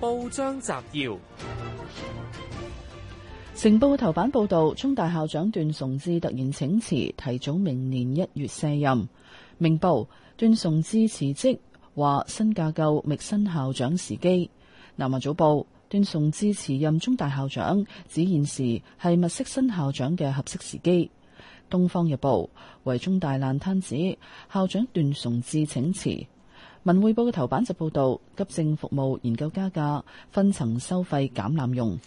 報章摘要：成報頭版報道，中大校長段崇智突然請辭，提早明年一月卸任。明報：段崇智辭職，話新架構覓新校長時機。南華早報：段崇智辭任中大校長，指現時係物色新校長嘅合適時機。東方日報：為中大爛攤子，校長段崇智請辭。文匯報嘅頭版就報道急症服務研究加價分層收費減濫用。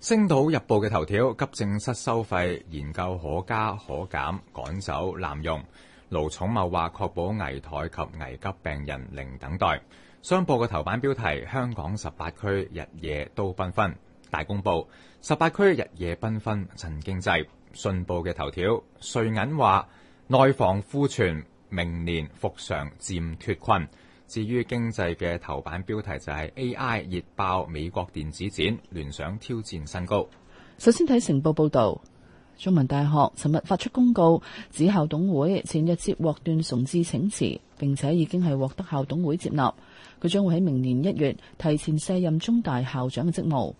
星島日報嘅頭條急症室收費研究可加可減，趕走濫用。盧寵茂話：確保危殆及危急病人零等待。商報嘅頭版標題：香港十八區日夜都繽紛大公報。十八區日夜繽紛陳經濟信報嘅頭條：瑞銀話內房庫存明年復常漸脱困。至於經濟嘅頭版標題就係 A.I. 熱爆美國電子展，聯想挑戰新高。首先睇成報報導，中文大學尋日發出公告，指校董會前日接獲段崇智請辭，並且已經係獲得校董會接納，佢將會喺明年一月提前卸任中大校長嘅職務。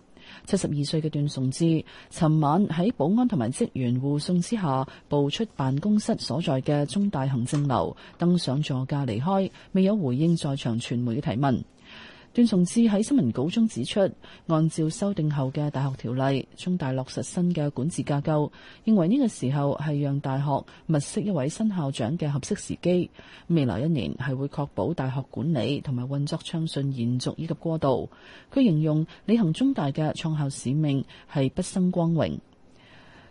七十二歲嘅段崇智，尋晚喺保安同埋職員護送之下，步出辦公室所在嘅中大行政樓，登上座駕離開，未有回應在場傳媒嘅提問。段崇智喺新聞稿中指出，按照修訂後嘅大學條例，中大落實新嘅管治架構，認為呢個時候係讓大學物色一位新校長嘅合適時機。未來一年係會確保大學管理同埋運作暢順、延續以及過渡。佢形容履行中大嘅創校使命係不生光榮。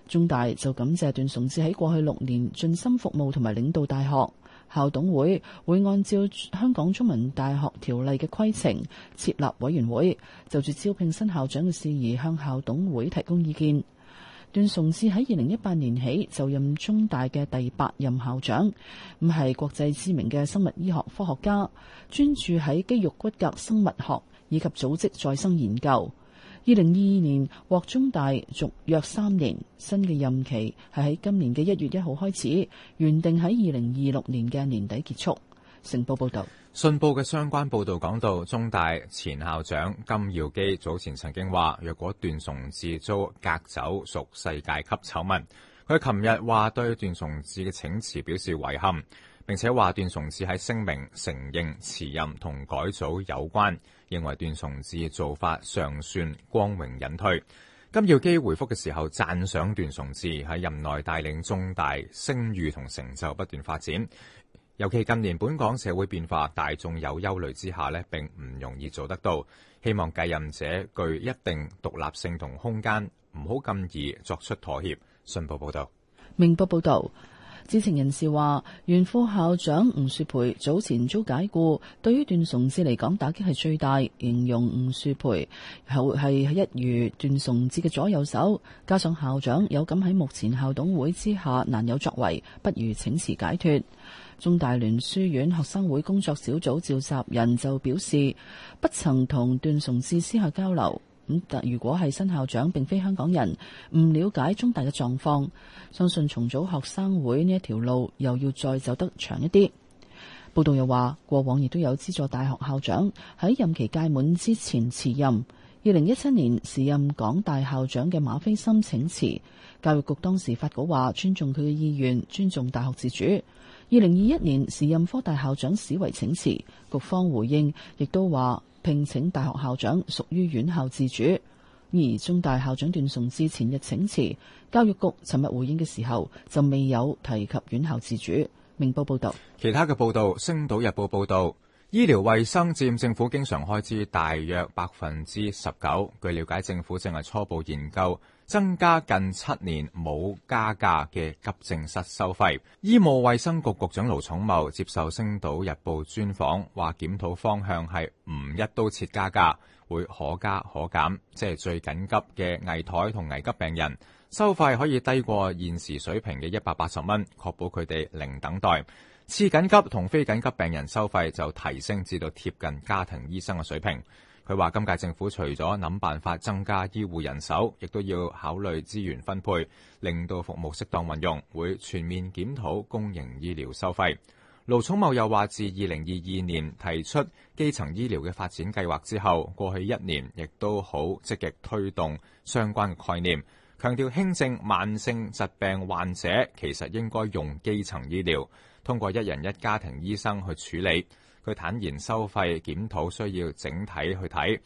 中大就感謝段崇智喺過去六年盡心服務同埋領導大學。校董會會按照香港中文大學條例嘅規程設立委員會，就住招聘新校長嘅事宜向校董會提供意見。段崇智喺二零一八年起就任中大嘅第八任校長，咁係國際知名嘅生物醫學科學家，專注喺肌肉骨骼生物學以及組織再生研究。二零二二年獲中大續約三年，新嘅任期係喺今年嘅一月一號開始，原定喺二零二六年嘅年底結束。成報報道，信報嘅相關報道講到，中大前校長金耀基早前曾經話，若果段崇智遭革走，屬世界級醜聞。佢琴日話對段崇智嘅請辭表示遺憾。並且話段崇智喺聲明承認辭任同改組有關，認為段崇智做法尚算光榮隱退。金耀基回覆嘅時候讚賞段崇智喺任內帶領中大聲譽同成就不斷發展，尤其近年本港社會變化，大眾有憂慮之下呢，並唔容易做得到。希望繼任者具一定獨立性同空間，唔好咁易作出妥協。信報報道，明報報道。知情人士話，原副校長吳樹培早前遭解雇，對於段崇智嚟講打擊係最大。形容吳樹培係係一如段崇智嘅左右手，加上校長有感喺目前校董會之下難有作為，不如請辭解脫。中大聯書院學生會工作小組召集人就表示，不曾同段崇智私下交流。但如果係新校長並非香港人，唔了解中大嘅狀況，相信重組學生會呢一條路又要再走得長一啲。報道又話，過往亦都有資助大學校長喺任期屆滿之前辭任。二零一七年，時任港大校長嘅馬斐森請辭，教育局當時發稿話尊重佢嘅意願，尊重大學自主。二零二一年，時任科大校長史維請辭，局方回應亦都話。聘請大學校長屬於院校自主，而中大校長段崇智前日請辭，教育局尋日回應嘅時候就未有提及院校自主。明報報道，其他嘅報道，《星島日報》報道，醫療衛生佔政府經常開支大約百分之十九。據了解，政府正係初步研究。增加近七年冇加價嘅急症室收費，醫務衛生局局長盧寵茂接受星島日報專訪，話檢討方向係唔一刀切加價，會可加可減，即係最緊急嘅危殆同危急病人收費可以低過現時水平嘅一百八十蚊，確保佢哋零等待。次緊急同非緊急病人收費就提升至到貼近家庭醫生嘅水平。佢話：今屆政府除咗諗辦法增加醫護人手，亦都要考慮資源分配，令到服務適當運用。會全面檢討公營醫療收費。盧寵茂又話：自二零二二年提出基層醫療嘅發展計劃之後，過去一年亦都好積極推動相關嘅概念，強調輕症慢性疾病患者其實應該用基層醫療，通過一人一家庭醫生去處理。佢坦言，收費檢討需要整體去睇，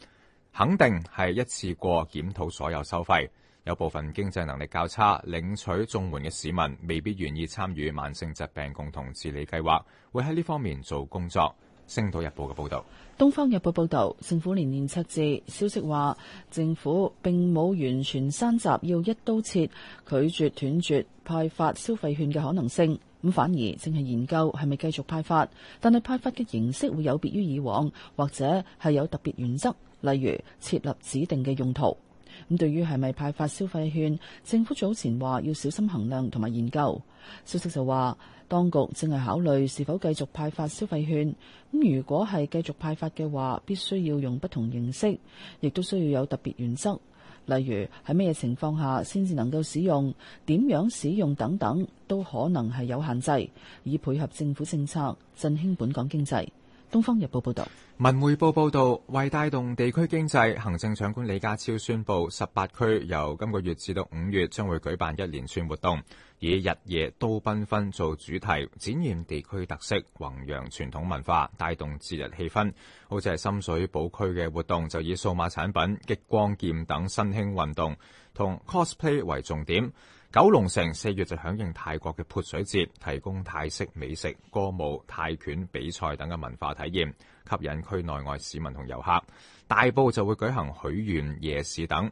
肯定係一次過檢討所有收費，有部分經濟能力較差、領取綜援嘅市民，未必願意參與慢性疾病共同治理計劃，會喺呢方面做工作。星島日報嘅報道，東方日報報道，政府連年赤字，消息話政府並冇完全閂閘，要一刀切，拒絕斷絕，斷絕派發消費券嘅可能性。咁反而正係研究係咪繼續派發，但係派發嘅形式會有別於以往，或者係有特別原則，例如設立指定嘅用途。咁對於係咪派發消費券，政府早前話要小心衡量同埋研究。消息就話，當局正係考慮是否繼續派發消費券。咁如果係繼續派發嘅話，必須要用不同形式，亦都需要有特別原則。例如喺咩情況下先至能夠使用，點樣使用等等，都可能係有限制，以配合政府政策，振興本港經濟。《東方日報》報道，《文匯報》報道，為帶動地區經濟，行政長官李家超宣布，十八區由今個月至到五月將會舉辦一連串活動，以日夜都繽紛做主題，展現地區特色，弘揚傳統文化，帶動節日氣氛。好似係深水埗區嘅活動就以數碼產品、激光劍等新興運動同 cosplay 為重點。九龍城四月就響應泰國嘅潑水節，提供泰式美食、歌舞、泰拳比賽等嘅文化體驗，吸引區內外市民同遊客。大埔就會舉行許願、夜市等。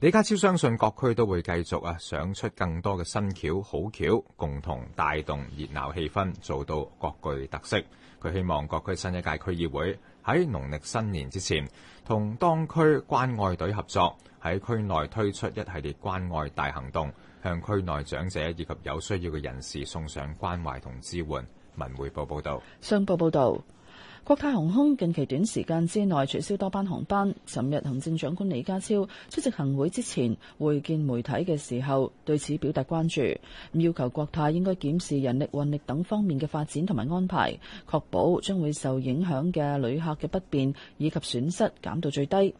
李家超相信各區都會繼續啊，想出更多嘅新橋、好橋，共同帶動熱鬧氣氛，做到各具特色。佢希望各區新一屆區議會喺農曆新年之前，同當區關愛隊合作，喺區內推出一系列關愛大行動。向區內長者以及有需要嘅人士送上關懷同支援。文匯報報道：「商報報道，國泰航空近期短時間之內取消多班航班。尋日行政長官李家超出席行會之前，會見媒體嘅時候，對此表達關注，要求國泰應該檢視人力、運力等方面嘅發展同埋安排，確保將會受影響嘅旅客嘅不便以及損失減到最低。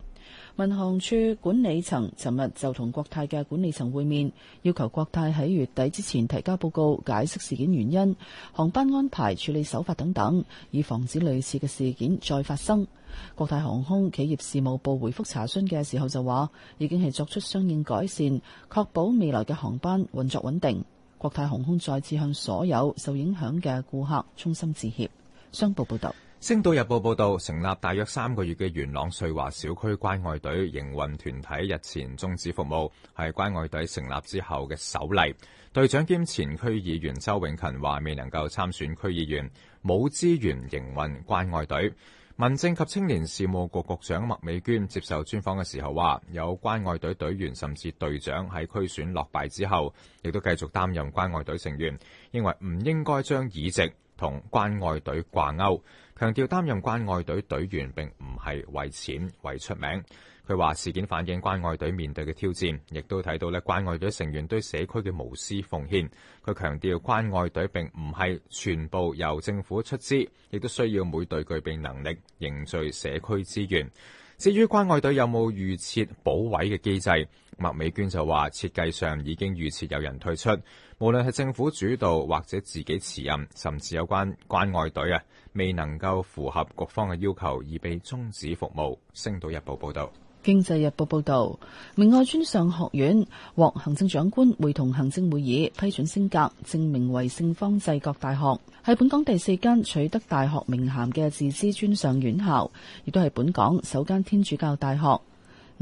民航處管理層尋日就同國泰嘅管理層會面，要求國泰喺月底之前提交報告，解釋事件原因、航班安排、處理手法等等，以防止類似嘅事件再發生。國泰航空企業事務部回覆查詢嘅時候就話，已經係作出相應改善，確保未來嘅航班運作穩定。國泰航空再次向所有受影響嘅顧客衷心致歉。商報報道。星島日報報道，成立大約三個月嘅元朗瑞華小區關愛隊營運團體日前終止服務，係關愛隊成立之後嘅首例。隊長兼前區議員周永勤話：未能夠參選區議員，冇資源營運關愛隊。民政及青年事務局局長麥美娟接受專訪嘅時候話，有關愛隊隊員甚至隊長喺區選落敗之後，亦都繼續擔任關愛隊成員，認為唔應該將議席同關愛隊掛鈎，強調擔任關愛隊隊員並唔係為錢為出名。佢話事件反映關愛隊面對嘅挑戰，亦都睇到咧關愛隊成員對社區嘅無私奉獻。佢強調關愛隊並唔係全部由政府出資，亦都需要每隊具備能力凝聚社區資源。至於關愛隊有冇預設補位嘅機制，麥美娟就話設計上已經預設有人退出，無論係政府主導或者自己辭任，甚至有關關愛隊啊未能夠符合各方嘅要求而被終止服務。星島日報報導。《經濟日報》報導，明愛專上學院獲行政長官會同行政會議批准升格，正名為聖方濟各大學，係本港第四間取得大學名銜嘅自資專上院校，亦都係本港首間天主教大學。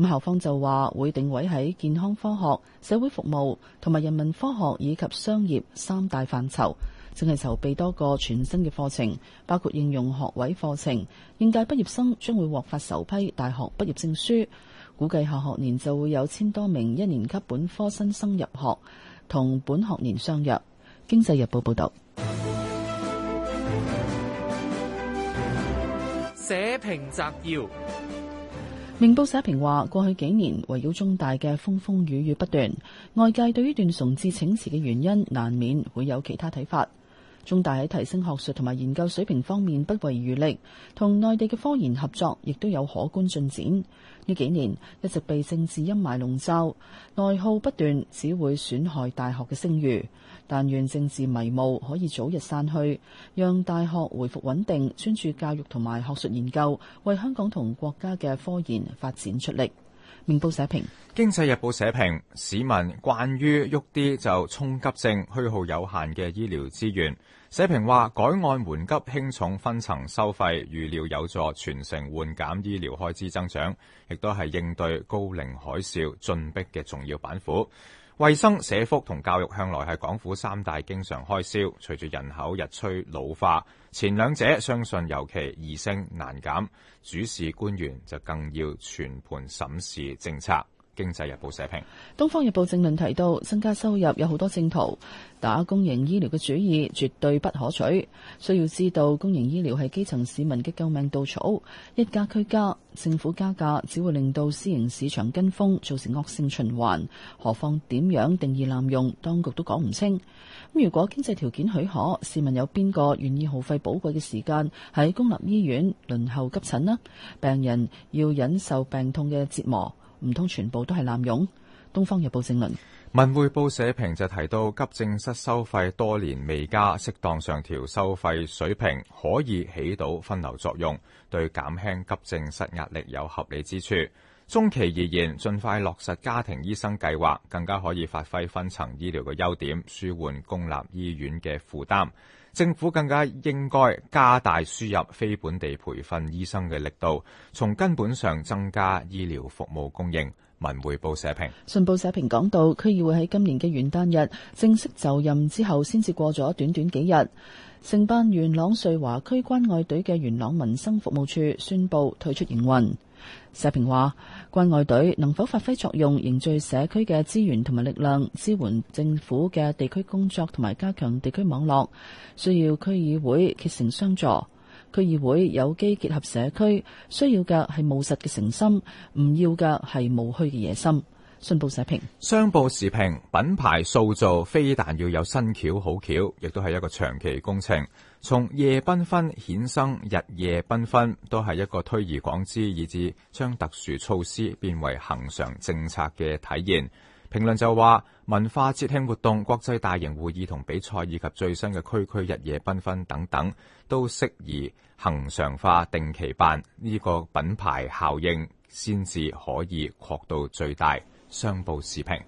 咁校方就話會定位喺健康科學、社會服務同埋人文科學以及商業三大範疇。正係籌備多個全新嘅課程，包括應用學位課程。應屆畢業生將會獲發首批大學畢業證書。估計下學年就會有千多名一年級本科新生，生入學，同本學年相約。經濟日報報道。社評摘要：明報社評話，過去幾年圍繞中大嘅風風雨雨不斷，外界對於段崇智請辭嘅原因難免會有其他睇法。中大喺提升學術同埋研究水平方面不遺餘力，同內地嘅科研合作亦都有可觀進展。呢幾年一直被政治陰霾籠罩，內耗不斷，只會損害大學嘅聲譽。但願政治迷霧可以早日散去，讓大學回復穩定，專注教育同埋學術研究，為香港同國家嘅科研發展出力。明報社評，《經濟日報》社評：市民慣於喐啲就衝急症虛耗有限嘅醫療資源，社評話，改按緩急輕重分層收費，預料有助全城緩減醫療開支增長，亦都係應對高齡海嘯進逼嘅重要板斧。衛生、社福同教育向來係港府三大經常開銷，隨住人口日趨老化，前兩者相信尤其易升難減，主事官員就更要全盤審視政策。《經濟日報》社評，《東方日報》正論提到，增加收入有好多正途，打公營醫療嘅主意絕對不可取。需要知道，公營醫療係基層市民嘅救命稻草，一加俱加，政府加價，只會令到私營市場跟風，造成惡性循環。何況點樣定義濫用，當局都講唔清。如果經濟條件許可，市民有邊個願意耗費寶貴嘅時間喺公立醫院輪候急診呢？病人要忍受病痛嘅折磨。唔通全部都係濫用？《東方日報》正論，《文匯報》社評就提到，急症室收費多年未加，適當上調收費水平，可以起到分流作用，對減輕急症室壓力有合理之處。中期而言，盡快落實家庭醫生計劃，更加可以發揮分層醫療嘅優點，舒緩公立醫院嘅負擔。政府更加應該加大輸入非本地培訓醫生嘅力度，從根本上增加醫療服務供應。文匯報社評，信報社評講到，區議會喺今年嘅元旦日正式就任之後，先至過咗短短幾日，承辦元朗瑞華區關愛隊嘅元朗民生服務處宣布退出營運。社評話：關愛隊能否發揮作用，凝聚社區嘅資源同埋力量，支援政府嘅地區工作同埋加強地區網絡，需要區議會竭誠相助。區議會有機結合社區，需要嘅係務實嘅誠心，唔要嘅係務虛嘅野心。信報社評，商報時評，品牌塑造非但要有新橋好橋，亦都係一個長期工程。從夜繽紛衍生日夜繽紛，都係一個推而廣之，以至將特殊措施變為恒常政策嘅體現。評論就話，文化節慶活動、國際大型會議同比賽，以及最新嘅區區日夜繽紛等等，都適宜恒常化、定期辦。呢個品牌效應，先至可以擴到最大。商報視頻。